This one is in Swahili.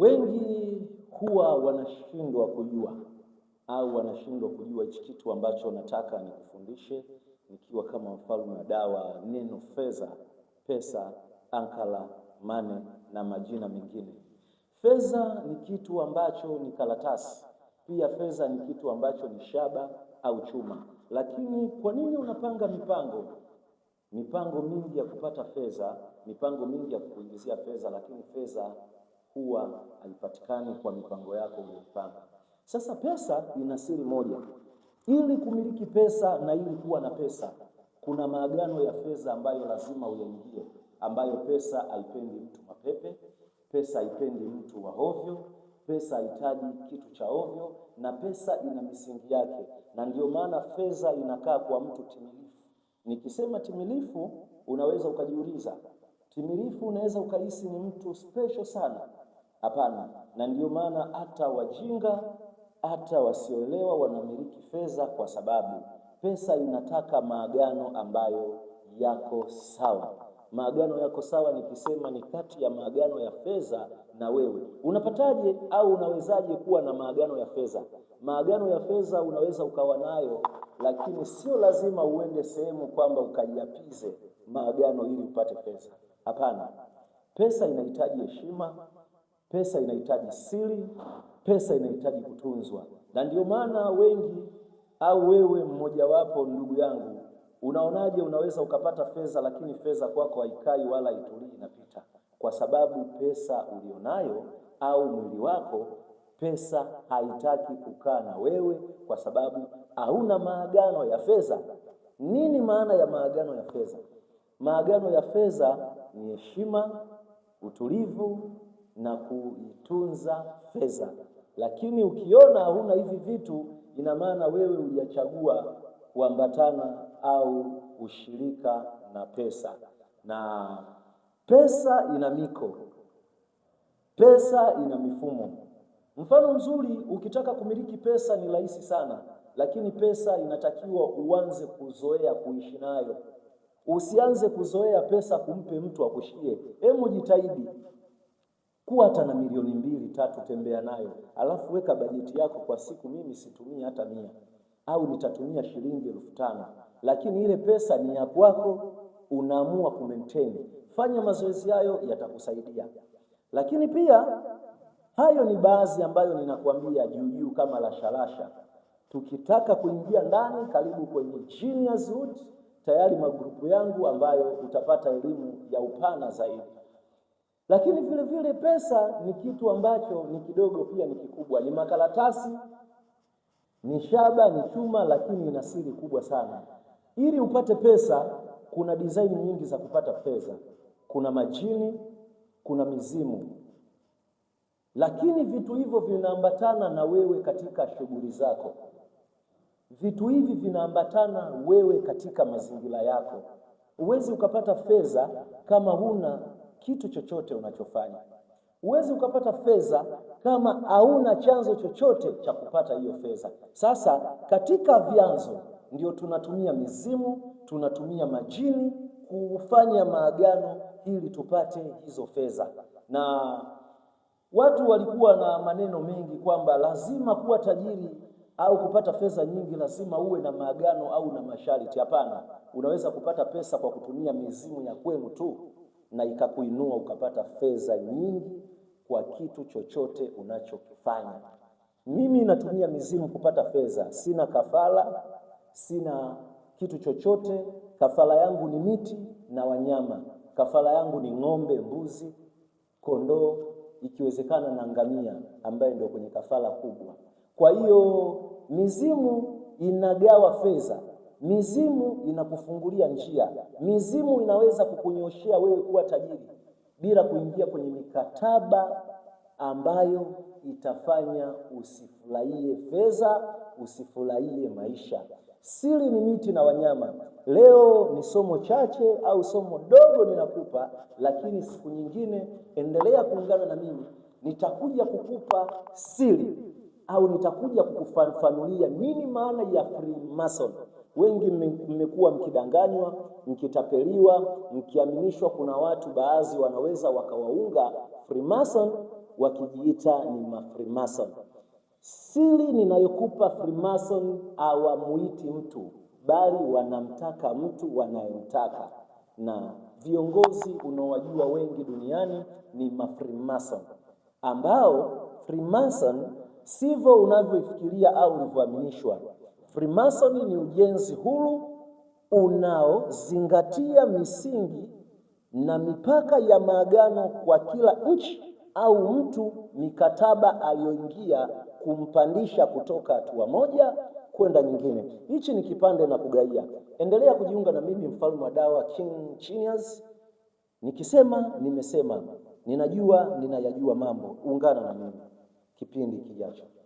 Wengi huwa wanashindwa kujua au wanashindwa kujua hichi kitu ambacho nataka nikufundishe nikiwa kama mfalme wa dawa, neno fedha, pesa, ankala, mane na majina mengine. Fedha ni kitu ambacho ni karatasi, pia fedha ni kitu ambacho ni shaba au chuma. Lakini kwa nini unapanga mipango mipango mingi ya kupata fedha, mipango mingi ya kukuingizia fedha, lakini fedha huwa haipatikani kwa mipango yako uliyopanga. Sasa pesa ina siri moja. Ili kumiliki pesa na ili kuwa na pesa, kuna maagano ya fedha ambayo lazima uyaingie, ambayo pesa haipendi mtu mapepe, pesa haipendi mtu wa hovyo, pesa haitaji kitu cha ovyo, na pesa ina misingi yake, na ndio maana fedha inakaa kwa mtu timilifu. Nikisema timilifu, unaweza ukajiuliza, timilifu unaweza ukahisi ni mtu special sana Hapana. Na ndio maana hata wajinga hata wasioelewa wanamiliki fedha, kwa sababu pesa inataka maagano ambayo yako sawa. Maagano yako sawa, nikisema ni kati ya maagano ya fedha na wewe. Unapataje au unawezaje kuwa na maagano ya fedha? Maagano ya fedha unaweza ukawa nayo, lakini sio lazima uende sehemu kwamba ukajiapize maagano ili upate pesa. Hapana, pesa inahitaji heshima Pesa inahitaji siri, pesa inahitaji kutunzwa, na ndio maana wengi au wewe mmojawapo, ndugu yangu, unaonaje? Unaweza ukapata fedha, lakini fedha kwako haikai wala haitulii, inapita, kwa sababu pesa ulionayo au mwili wako, pesa haitaki kukaa na wewe, kwa sababu hauna maagano ya fedha. Nini maana ya maagano ya fedha? Maagano ya fedha ni heshima, utulivu na kuitunza fedha. Lakini ukiona huna hivi vitu, ina maana wewe hujachagua kuambatana au ushirika na pesa, na pesa ina miko, pesa ina mifumo. Mfano mzuri, ukitaka kumiliki pesa ni rahisi sana, lakini pesa inatakiwa uanze kuzoea kuishi nayo. Usianze kuzoea pesa kumpe mtu akushikie Hebu jitahidi kuwa hata na milioni mbili tatu, tembea nayo, alafu weka bajeti yako kwa siku. Mimi situmii hata mia au nitatumia shilingi elfu tano lakini ile pesa ni ya kwako, unaamua ku Fanya mazoezi hayo, yatakusaidia. Lakini pia hayo ni baadhi ambayo ninakuambia juujuu kama rasharasha. Tukitaka kuingia ndani, karibu kwenye Genius Route, tayari magrupu yangu ambayo utapata elimu ya upana zaidi. Lakini vile vile pesa ni kitu ambacho ni kidogo, pia ni kikubwa, ni makaratasi, ni shaba, ni chuma, lakini ina siri kubwa sana. Ili upate pesa, kuna design nyingi za kupata pesa, kuna majini, kuna mizimu, lakini vitu hivyo vinaambatana na wewe katika shughuli zako. Vitu hivi vinaambatana wewe katika mazingira yako. Huwezi ukapata fedha kama huna kitu chochote unachofanya. Huwezi ukapata fedha kama hauna chanzo chochote cha kupata hiyo fedha. Sasa katika vyanzo ndio tunatumia mizimu, tunatumia majini kufanya maagano ili tupate hizo fedha. Na watu walikuwa na maneno mengi kwamba lazima kuwa tajiri au kupata fedha nyingi lazima uwe na maagano au na masharti. Hapana, unaweza kupata pesa kwa kutumia mizimu ya kwenu tu na ikakuinua ukapata fedha nyingi kwa kitu chochote unachokifanya. Mimi natumia mizimu kupata fedha, sina kafala, sina kitu chochote. Kafala yangu ni miti na wanyama. Kafala yangu ni ng'ombe, mbuzi, kondoo, ikiwezekana na ngamia, ambaye ndio kwenye kafala kubwa. Kwa hiyo mizimu inagawa fedha Mizimu inakufungulia njia, mizimu inaweza kukunyoshea wewe kuwa tajiri bila kuingia kwenye mikataba ambayo itafanya usifurahie fedha, usifurahie maisha. Siri ni miti na wanyama. Leo ni somo chache au somo dogo ninakupa, lakini siku nyingine endelea kuungana na mimi, nitakuja kukupa siri au nitakuja kukufafanulia nini maana ya Freemason. Wengi mmekuwa mkidanganywa, mkitapeliwa, mkiaminishwa kuna watu baadhi wanaweza wakawaunga Freemason wakijiita ni Freemason. Siri ninayokupa Freemason hawamuiti mtu, bali wanamtaka mtu wanayemtaka, na viongozi unaowajua wengi duniani ni Freemason ambao Freemason sivyo unavyofikiria au ulivyoaminishwa Freemasoni ni ujenzi huru unaozingatia misingi na mipaka ya maagano kwa kila nchi au mtu, mikataba aliyoingia kumpandisha kutoka hatua moja kwenda nyingine. Hichi ni kipande na kugaia. Endelea kujiunga na mimi mfalme wa dawa King Genius. Nikisema nimesema, ninajua ninayajua mambo. Ungana na mimi kipindi kijacho.